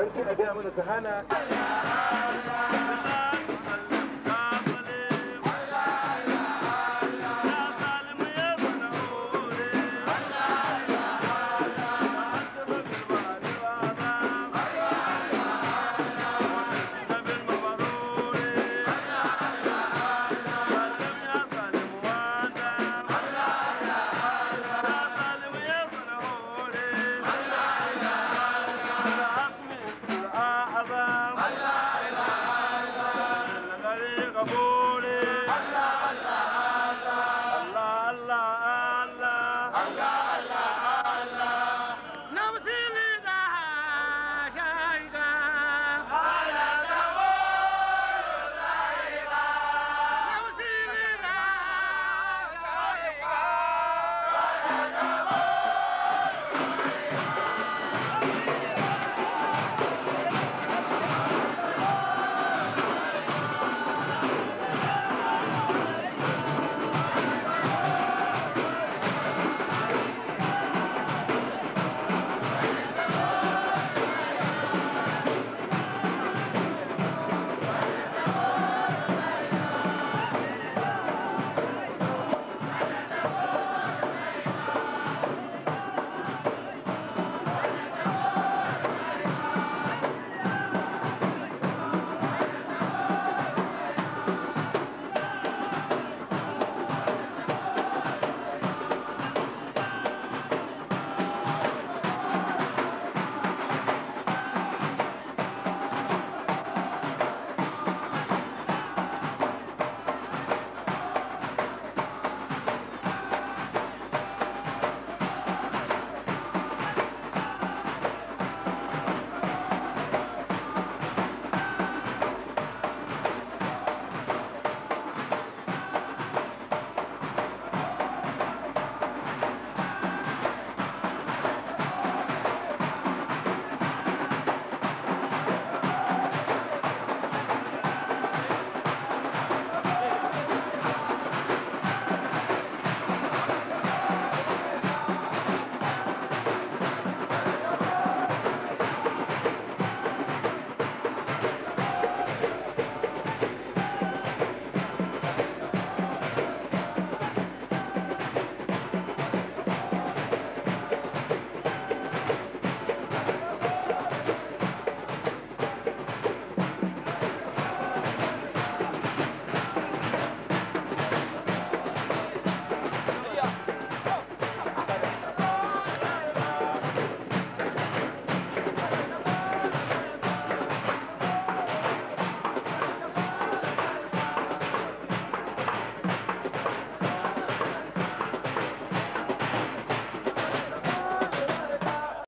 an ce a gaya mana ta hana